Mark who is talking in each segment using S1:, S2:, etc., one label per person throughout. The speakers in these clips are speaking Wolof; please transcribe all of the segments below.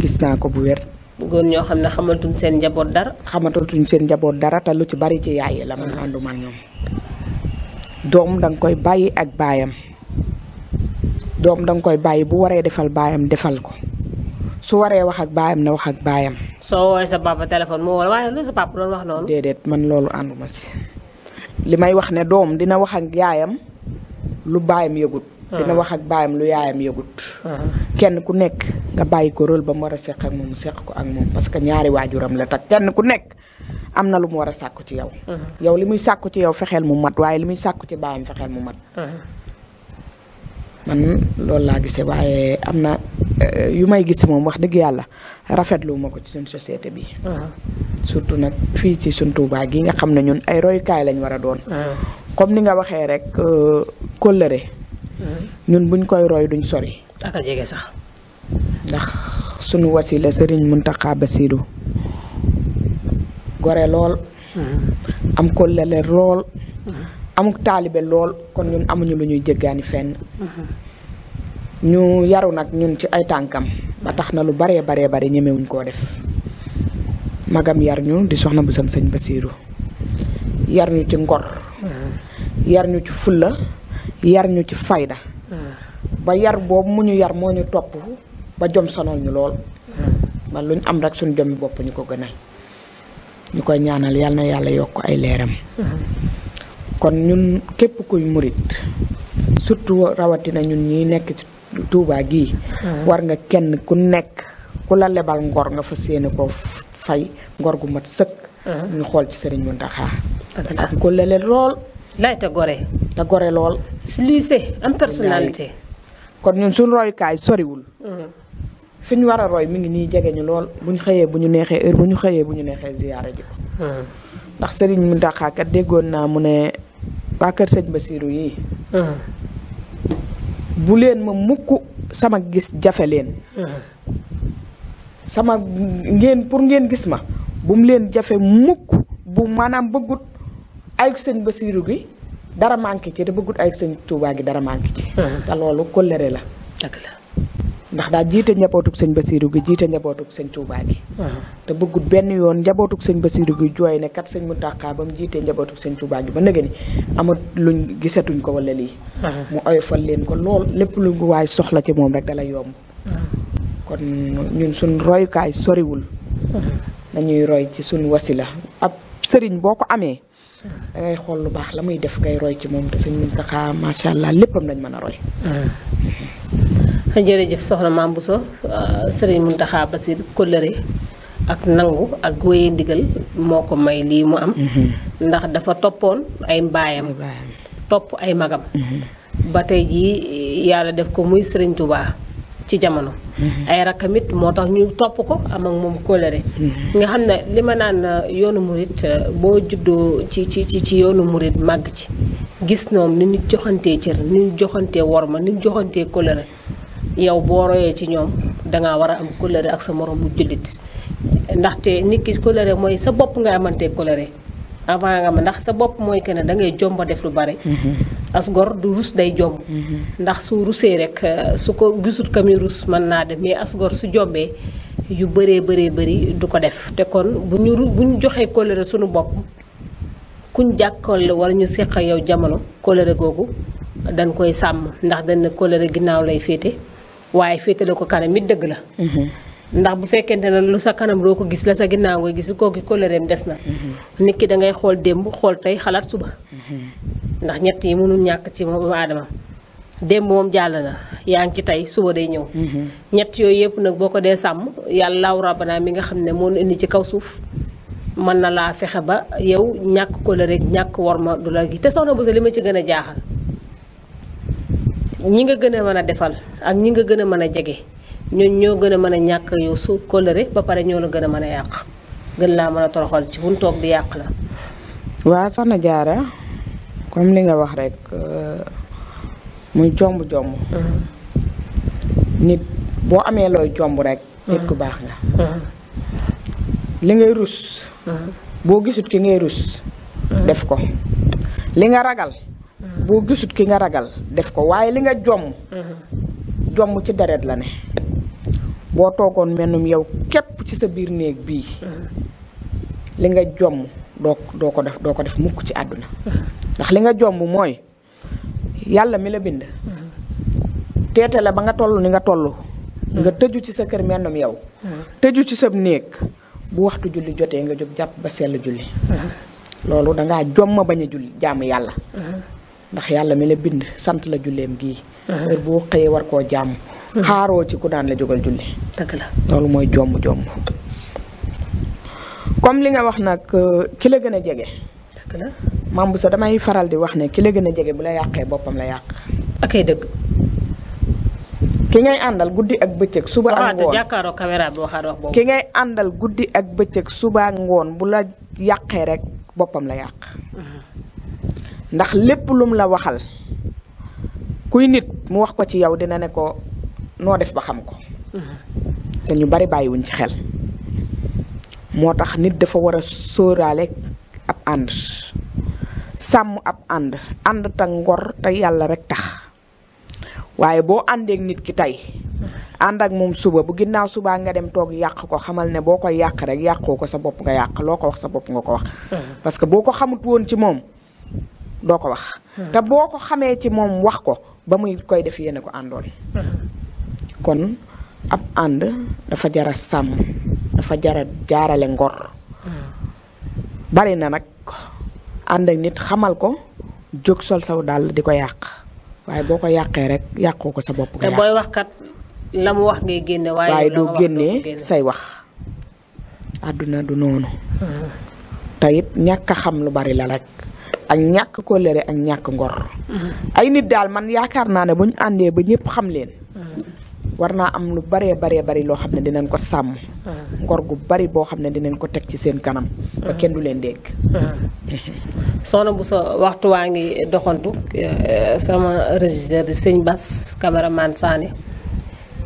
S1: gis naa ko bu wér. góor ñoo xam ne xamatuñ seen njaboot dara. xamatuñ seen njaboot dara te lu ci bari ci yaay yi la man ànduma ak ñoom. doom danga koy bàyyi ak baayam doom danga koy bàyyi bu waree defal baayam defal ko su waree wax ak baayam na wax ak baayam.
S2: soo woowee sa papa téléphone moo war waaye lu sa papa doon wax noonu.
S1: déedéet man loolu ànduma si li may wax ne doom dina wax ak yaayam lu baayam yëgut. dina ah. wax ak baayam lu yaayam yëgut ah. kenn ku nekk nga bàyyi ko rôle ba mu war a seq ak moom mu seq ko ak moom parce que ñaari waajuram la tak kenn ku nekk am na lu mu war a sàkku ci yow ah. yow li muy sàkku ci yow fexeel mu mat waaye li muy sàkku ci baayam fexeel mu mat man laa gisee waaye am na eh, yu may gis moom wax dëgg yàlla rafetlu ma ko ci suñ société bi surtout nag fii ci suñ Tuubaa gi nga xam ne ñun ay royukaay lañ war a doon comme ni nga waxee rek euh, kóllëre ñun buñ koy roy duñ sori.
S2: ak a jege sax.
S1: ndax sunu wasila Serigne Mountakha Bassirou gore lool. Hmm. am ko lele lool. Hmm. amuk taalibe lool kon ñun amuñu lu ñuy jéggaani fenn. Hmm. ñu yaru nag ñun ci ay tànkam ba tax na lu baree baree bare ñemewuñ koo def magam yar ñu di soxna bu sam sëñ Basiiru yar ñu ci ngor yar ñu ci fulla yar ñu ci fayda hmm. ba yar boobu mu ñu yar moo ñu topp ba jom sonal ñu lool man hmm. lu ñu am rek suñ jomi bopp ñu ko gënal ñu koy ñaanal yal na yàlla yokk ay leeram hmm. kon ñun képp ku murit surtout rawatina ñun ñi nekk ci tuubaa gii war nga kenn ku nekk ku la lebal ngor nga fa yéene ko fay ngor gu mat sëkk ñu xool ci sëriñ Muntaxa ak ku lool layta gore da gore lool luisé am personnalité kon ñun suñu royukaay soriwul mm-hmm. fi ñu war a roy mi ngi nii jege ñu lool bu ñu xëyee bu ñu neexee heure bu ñu xëyee bu ñu neexee ziyaara ji mm-hmm. ndax sëriñ mu daqaakat déggoon naa mu ne waa kër sëñ Basiiru yi mm-hmm. bu leen ma mukk sama gis jafe leen sama ngeen pour ngeen gis ma bu mu leen jafe mukk bu maanaam bëggut ayuk sëñ Basiiru gi dara manqué ci te bëggut ayuk sëñ Tuubaa gi dara manqué ci te loolu kóllëre la dëgg ndax daa jiite njabootug sëñ Basiiru gi jiite njabootug sëñ Tuubaa gi te bëggut benn yoon njabootug sëñ Basiiru gi jooy ne kat sëñ Muntaxaa ba mu jiitee njabootug sëñ Tuubaa gi ba nëgë ni amat luñ gisatuñ ko wala lii mu oyofal leen ko lool lépp lu waay soxla ci moom rek dala yomb kon ñun suñ royukaay soriwul dañuy roy ci suñ wasila ab sëriñ boo ko amee da xool lu baax la muy def ngay roy ci moom te sëñ Muntaxa macha allah léppam lañ mën a roy.
S2: Ah.
S1: jërëjëf soxna Maam Bousso ah, sëriñ Muntaxa
S2: Basir kóllëre ak nangu ak wéye ndigal moo ko may lii mu am. Mm-hmm. ndax dafa toppoon ay mbaayam. topp ay magam. Mm-hmm. ba tey jii yàlla def ko muy sëriñ tubaa ci jamono. Mhm. ay rakkam moo tax ñu topp ko am ak moom kóllëre. Mhm. nga xam ne li ma naan euh, yoonu murit euh, boo juddoo ci ci ci yoonu murit màgg ci gis ñoom ni ñu joxantee cër ni ñu joxantee ma ni ñu joxantee kóllëre yow boo royee ci ñoom dangaa war a am kóllëre ak sa morom mu jullit ndaxte nit ki kóllëre mooy sa bopp nga amantee kóllëre avant nga ndax sa bopp mooy que ne dangay jomba def lu bare. Mhm. as gor du rus day jomb. ndax su rusee rek euh, su ko gisul ka rus mën naa dem mais as su jombee yu bëree bëree bëri du ko def te kon bu ñu bu ñu joxee kóllëre suñu bopp kuñ jàkkoole wala ñu seq yow jamono kóllëre googu dañ koy sàmm ndax dañ ne kóllëre ginnaaw lay féete waaye féete la ko kanam it dëgg la. Mhm. ndax bu fekkente ne lu sa kanam doo ko gis la sa ginnaaw ngay gis kooku kóllëreem des na. Mhm. nit ki da ngay xool démb xool tey xalaat suba. Mhm. ndax ñett yi mënul ñàkk ci moom aadama démb moom jàll na yaa ngi ci tey suba day ñëw. Mhm. ñett yooyu yëpp nag boo ko dee sàmm yàlla laaw rabbana mi nga xam ne moo indi ci kaw suuf. mën na laa fexe ba yow ñàkk ko ñàkk war ma du la gi te soxna Bousso li ma ci gën a jaaxal ñi nga gën a mën a defal ak ñi nga gën a mën a jege ñooñu ñoo gën a mën a ñàkk yow su kóllëre ba pare ñoo la gën a mën a yàq gën laa mën a toroxal ci buñ toog di yàq la.
S1: waaw soxna Diarra comme li nga wax rek euh, muy jomb jomb. nit boo amee looy jomb rekk nit ku baax nga. li ngay rus. boo gisut ki ngay rus. def ko li nga ragal. boo gisut ki nga ragal def ko waaye li nga jomm. jomm ci deret la ne. boo toogoon mennum yow képp ci sa biir néeg bii. li nga jomm doo doo ko def doo ko def mukk ci àdduna. ndax li nga jomb mooy yàlla mi la bind teete la ba nga toll ni nga toll nga tëju ci sa kër mennam yow tëju ci sa néeg bu waxtu julli jotee nga jóg jàpp ba sell julli loolu dangaa jomm bañ a julli jàmm yàlla ndax yàlla mi la bind sant la julleem gii heure boo xëyee war koo jàmm xaaroo ci ku daan la jógal julli dëgg la loolu mooy jomb jomb comme li nga wax nag euh, ki la gën a jege maam bu sa damay faral di wax ne ki la gën a jege bu la yàqee boppam la yàq. akay dëgg. ki ngay àndal guddi ak bëccëg suba ak ngoon bi
S2: waxaat wax boobu ngay
S1: àndal guddi ak bëccëg suba ak ngoon bu la yàqee rekk boppam la yàq. Mhm. ndax lépp lum la waxal kuy nit mu wax ko ci yow dina ne ko noo def ba xam ko. Mhm. te ñu bari bàyyiwuñ ci xel. moo tax nit dafa war a sóoraale ab ànd. sàmm ab ànd ànd ta ngor te yàlla rek tax waaye boo àndeek nit ki tey ànd ak moom suba bu ginnaaw subaa nga dem toog yàq ko xamal ne boo koy yàq rek yàqoo ko sa bopp nga yàq loo ko wax sa bopp nga ko wax mm-hmm. parce que boo ko xamut woon ci moom doo ko wax mm-hmm. te boo ko xamee ci moom wax ko ba muy koy def yéene ko àndoon mm-hmm. kon ab ànd dafa jara sàmm dafa jara jaarale ngor bari nag ànd nit xamal ko jóg sol saw dàll di ko yàq waaye boo ko yàqee rek yàqoo ko sa bopp. nga booy wax
S2: kat la mu wax ngay génne. waaye doo génnee say
S1: wax. àdduna du noonu. Mm-hmm. te it ñàkk xam lu bari la rek. ak ñàkk kóllëre ak ñàkk ngor. Mm-hmm. ay nit daal man yaakaar naa ne bu ñu àndee ba ñëpp xam leen. Mm-hmm. war naa am lu baree baree bari loo xam ne dinañ ko sàmm. Ah. ngor gu bari boo xam ne dinañ ko teg ci seen kanam. ba ah. kenn du leen dégg. Ah.
S2: soxna bu sa waxtu waa ngi doxantu eh, sama régisseur di sëñ Bas cameraman Sané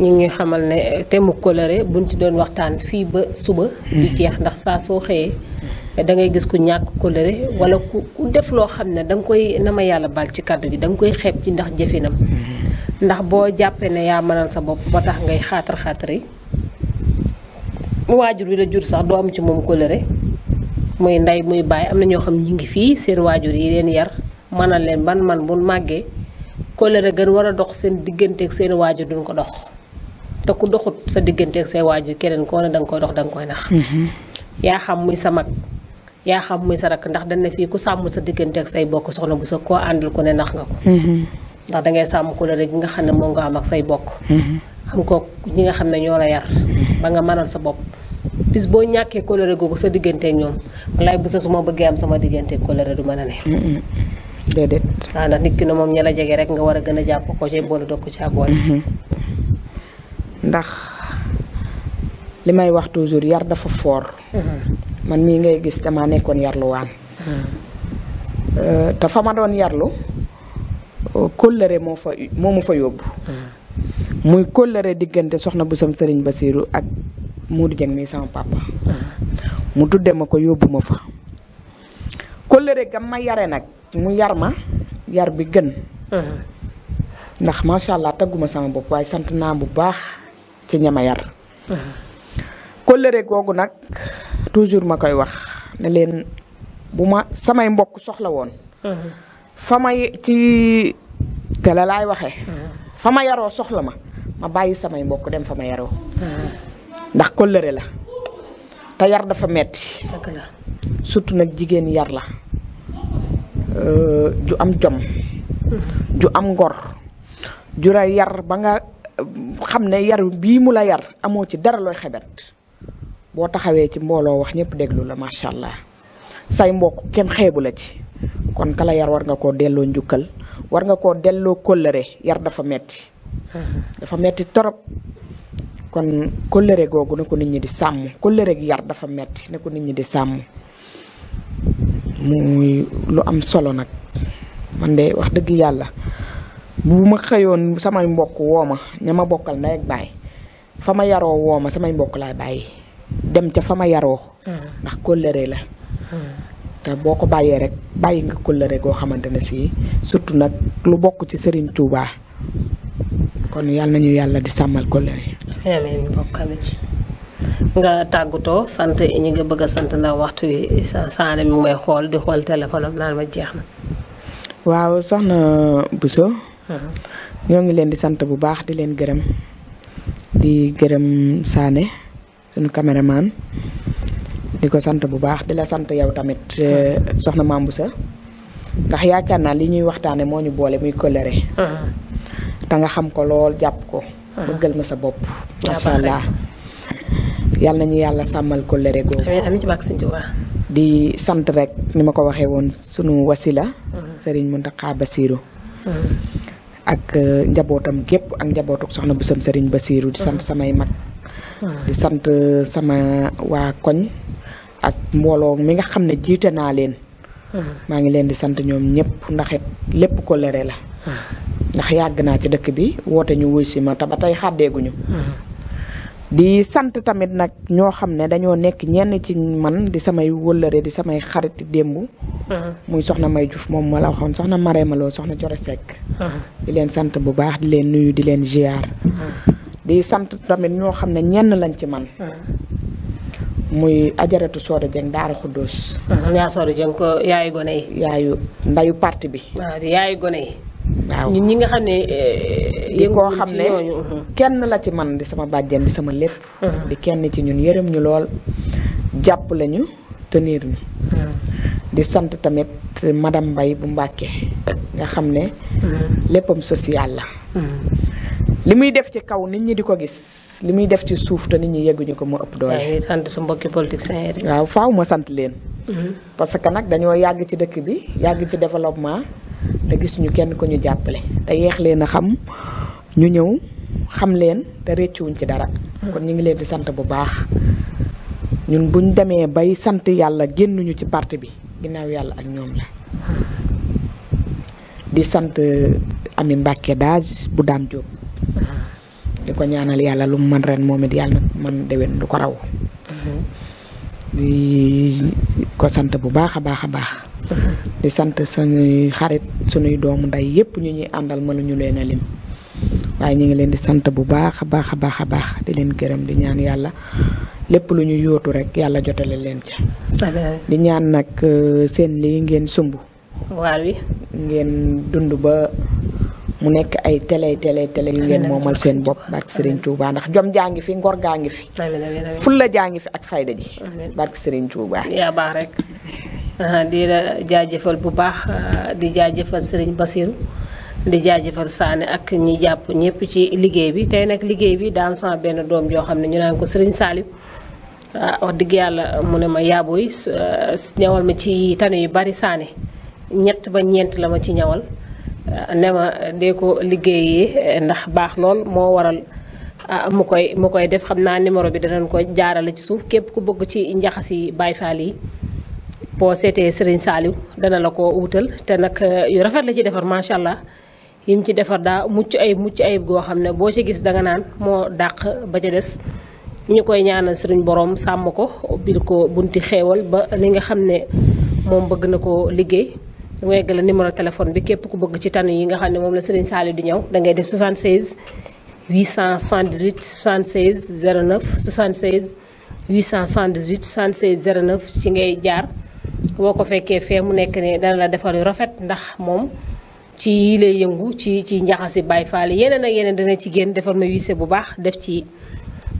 S2: ñu ngi xamal ne temu coloré buñ ci doon waxtaan fii ba suba. du hmm. jeex ndax saa soo xëyee. da ngay gis ku ñàkk coloré wala ku ku def loo xam ne da nga koy na ma yàlla baal ci kàddu gi da nga koy xeeb ci ndax jëfinam ndax boo jàppee ne yaa mënal sa bopp ba tax ngay xaatar xaatar yi waajur wi la jur sax doo am ci moom kóllëre muy ndey muy bàyyi am na ñoo xam ñi ngi fii seen waajur yi leen yar mënal leen ban man bu màggee kóllëre gën war a dox seen digganteeg seen waajur duñ ko dox te ku doxut sa digganteeg say waajur keneen koo ne danga koy dox danga koy nax. Mm-hmm. yaa xam muy sa mag yaa xam muy sa rakk ndax dañ ne fii ku sàmm sa digganteeg say bokk soxna bu sa koo àndal ku ne nax nga mm-hmm. ndax dangay sàmm kóllëre gi nga xam ne moom nga am ak say bokk. xam mm-hmm. ko ñi nga xam ne ñoo la yar. Mm-hmm. ba nga mënal sa bopp. bis boo ñàkkee kóllëre googu sa digganteek ñoom wallaay bu sa suma ma bëggee am sama digganteeg kóllëre du man a ne. Mm-hmm. déedéet. waaw ndax nit jege rek nga war a gën a jàpp
S1: ko ci doog ko caa boole. ndax li may wax toujours yar dafa foor. man mii ngay gis damaa nekkoon yarluwaan. Euh, te fa ma doon yarlu. kóllëre moo fa moo ma fa yóbbu muy kóllëre diggante soxna bu sam sëriñ Basiiru ak Modou Dieng mii sama papa mu tudde ma ko yóbbu ma fa kóllëre gam ma yare nag mu yar ma yar bi gën ndax macha allah tagguma sama bopp waaye sant naa bu baax ci ñama yar kóllëre googu nag toujours ma koy wax ne leen bu ma samay mbokk soxla woon fa ma ci tele laay waxee. fa ma yaroo soxla ma ma bàyyi samay mbokk dem fa ma yaroo. ndax kóllëre la te yar dafa metti surtout nag jigéen yar la ju am jom. ju am ngor ju la yar ba nga xam ne yar bii mu la yar amoo ci dara looy xebet boo taxawee ci mbooloo wax ñëpp déglu la macha allah say mbokk kenn xeebu la ci. kon kala yar war nga koo delloo njukkal war nga koo delloo kóllëre yar dafa metti dafa metti torop kon kóllëre googu na ko nit ñi di sàmm kóllëre yar dafa metti ne ko nit ñi di sàmm muy lu am solo nag man de wax dëgg yàlla bu ma xëyoon samay mbokk woo ma ma bokkal ndey ak baay fa ma yaroo woo samay mbokk laay bàyyi dem ca fa ma yaroo mm. ndax kóllëre la mm. te boo ko bàyyee rek bàyyi nga kóllëre goo xamante ne sii surtout nag lu bokk ci sëriñ Touba kon yàlla nañu yàlla di sàmmal kóllëre.
S2: amiin mbokk mi nga tàggatoo sant ñi nga bëgg a sant ndax waxtu wi saane mi may xool di xool téléphone am naan ma jeex na.
S1: waaw soxna buso hmm. ñoo ngi leen di sant bu baax di leen gërëm di gërëm Sané sunu caméraman di ko sant bu baax di la sant yow tamit eh, soxna Mame sa ndax yaakaar naa li ñuy waxtaane moo ñu boole muy colère. Uh-huh. ta nga xam ko lool jàpp ko. Uh-huh. bëggal ma sa bopp. macha allah nañu yàlla sàmmal colère googu. amiin di sant rek ni ma ko waxee woon sunu wasila. Uh-huh. Serigne Mountakha Bassirou. ak eh, njabootam gépp ak njabootuk soxna Bousso Serigne Bassirou. di sant samay mag. di sant eh, sama waa koñ. ak mbooloo mi nga xam ne jiite naa leen. maa ngi leen di sant ñoom ñëpp ndax it lépp kóllëre la. ndax yàgg naa ci dëkk bi woote ñu wuy si ma te ba tey xàddeeguñu. di sant tamit nag ñoo xam ne dañoo nekk ñenn ci man di samay wëllëre di samay xarit démb. muy soxna May Diouf moom ma la waxoon soxna soxna Jore Seck. di leen sant bu baax di leen nuyu di leen ziar. di sant tamit ñoo xam ne ñenn lañ ci man muy ajaratu Sooda Dieng Daara Xuddoos.
S2: ñaa uh-huh. Sooda ko yaayu gone yi.
S1: yaayu ndayu parti bi.
S2: waaw ah, yaayu gone yi. waaw ñun ñi nga xam ne. Eh, yéen koo xam ne uh-huh.
S1: kenn la ci man di sama bàjjen di sama lépp. Uh-huh. di kenn ci ñun yërëm ñu lool jàpp lañu tenir ñu. di sant tamit madame mbay bu Mbàkke nga xam ne. léppam social la. li muy def ci kaw nit ñi di ko gis li muy def ci suuf te nit ñi yegguñu ko moo ëpp dooy sant su mbokki politiciens yi waaw faaw ma sant leen. Mhm. parce que nag dañoo yàgg ci dëkk bi yàgg ci développement te gis ñu kenn ko ñu jàppale te yeex leen a xam ñu ñëw xam leen te réccuwuñ ci dara. kon ñu ngi leen di sant bu baax. ñun buñ demee bay sant yàlla génnuñu ci parti bi ginnaaw yàlla ak ñoom la di sant euh, Ami Mbàkke bu Daam Jóob di ko ñaanal yàlla lu mu mën ren moom it yàlla na mën déwén du ko raw. Mhm. di ko sant bu baax a baax a baax. Mhm. di sant suñuy xarit suñuy doomu ndey yépp ñu ñuy àndal mënuñu leen a lim waaye ñu ngi leen di sant bu baax a baax a baax a baax di leen gërëm di ñaan yàlla lépp lu ñu yootu rek yàlla jotale leen ca. di ñaan nag euh, seen lii ngeen sumb. ngeen dund ba. mu nekk ay tele télé télé yu ngeen moomal seen bopp barke Serigne Touba ndax jom jàngi ngi fi ngor gaa ngi fi fulla jaa ngi fi ak fayda ji barke Serigne Touba yaa baax rek di la
S2: jaajëfal bu baax ah, di jaajëfal Serigne Bassirou di jaajëfal Saane ak ñi jàpp ñëpp ci liggéey bi tey nag liggéey bi daan sama benn doom joo xam ne ñu naan ko Serigne Salif ah, wax dëgg yàlla mu ne ma yaaboy ah, ñawal ma ci tane yu bari Saane ñett ba ñeent la ma ci ñawal ne ma dee ko liggéeyee ndax baax lool moo waral ah, mu koy mu koy def xam naa numéro bi danañ ko jaarale ci suuf képp ku bëgg ci njaxas yi Baay Faal yi boo seetee Serigne Saliou dana la ko wutal te nag eh, yu rafet la ci defar macha allah yim ci defar daa mucc ayib mucc ayib goo xam ne boo ci gis danga naan moo dàq ba ca des ñu koy ñaanal suñu boroom sàmm ko ubbil ko bunti xéewal ba li nga xam ne moom bëgg na ko liggéey weggale numéro téléphone bi képp ku bëgg ci tànn yi nga xam ne moom la Serigne Saliou di ñëw da ngay def 76 878 76 09 76 878 76 09 ci ngay jaar boo ko fekkee fee mu nekk ne dana la defar yu rafet ndax moom ci yi lay yëngu ci ci njaxasi Baye Fall yeneen ak yeneen dana ci génn defar ma wise bu baax def ci.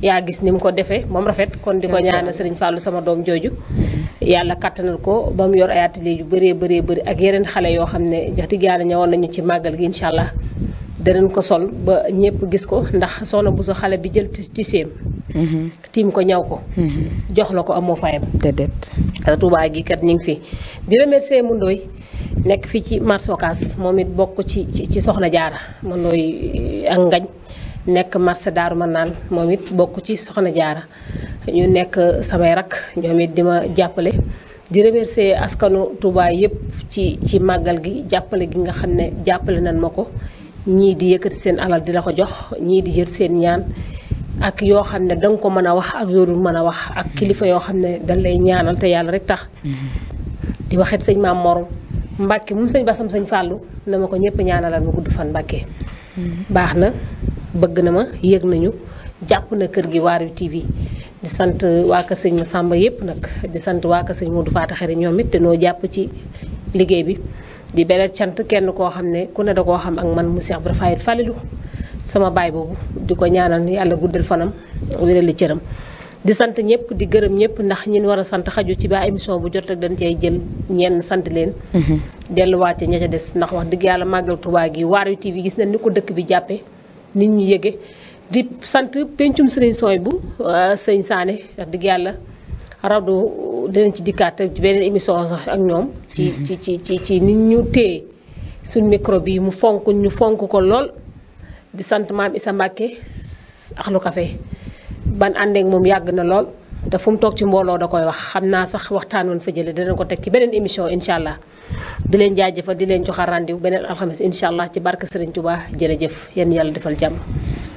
S2: yaa gis ni mu ko defee moom rafet kon di ko ñaanal sëriñ Fallou sama doom jooju mm-hmm. yàlla kàttanal ko ba mu yor ay atelier yu bëree bëree bëri ak yeneen xale yoo xam ne jox di yàlla ñëwoon nañu ci màggal gi incha allah danañ ko sol ba ñëpp gis ko ndax soxna bu sa xale bi jël ci séem mm-hmm. tiim ko ñaw ko mm-hmm. jox la ko amoo fayam déedéet Touba gi kat ñu ngi fi di remercier mu ndooy nekk fii ci marché Ocass moom it bokk ci ci soxna jaara mu ak ngañ nekk marché daaru ma naan moom it bokk ci soxna jaara ñu nekk samay rak ñoom it di ma jàppale di remercier askanu tubaay yëpp ci ci màggal gi jàppale gi nga xam ne jàppale nan ma ko ñii di yëkkati seen alal di la ko jox ñii di jël seen ñaan ak yoo xam ne danga ko mën a wax ak yoo mën a wax ak kilifa yoo xam ne dañ lay ñaanal te yàlla rek tax di waxit sëñ maam moroom Mbàkke mu sëñ Basam sëñ Fàllu na ma ko ñëpp ñaanalal ma gudd fan Mbàkke baax na bëgg na ma yëg nañu jàpp na kër gi Waarwi TV di sant waa kër sëñ Massamba yëpp nag di sant waa kër sëñ Modou Faata Xari ñoom it dañoo jàpp ci liggéey bi di beneen cant kenn koo xam ne ku ne da koo xam ak man mu Cheikh Ibra Fayil Falilu sama baay boobu di ko ñaanal yàlla guddal fanam wérali cëram di sant ñëpp di gërëm ñëpp ndax ñin war a sant xaju ci ba émission bu jot rek dañ cey jël ñenn sant leen mhm. delluwaat ci ña ca des ndax wax dëgg yàlla dëkk bi jàppee nit ñu yëge di sant pencum sëriñ sooy bu sëñ Saane wax dëgg yàlla rawdu dinañ ci dikkaat ci beneen émission sax ak ñoom ci mm-hmm. ci ci ci ci nit ñu téye suñ micro yi mu fonk ñu fonk ko lool di sant maam Issa Mbàkke Ahlou kafe ban àndeek moom yàgg na lool te fu mu toog ci mbooloo da koy wax xam naa sax waxtaan woon fa jële dana ko teg ci beneen émission incha allah di leen jaajëfal di leen joxaat rendez-vous beneen alxames incha allah ci barke Serigne Touba jërëjëf yéen yàlla defal jàmm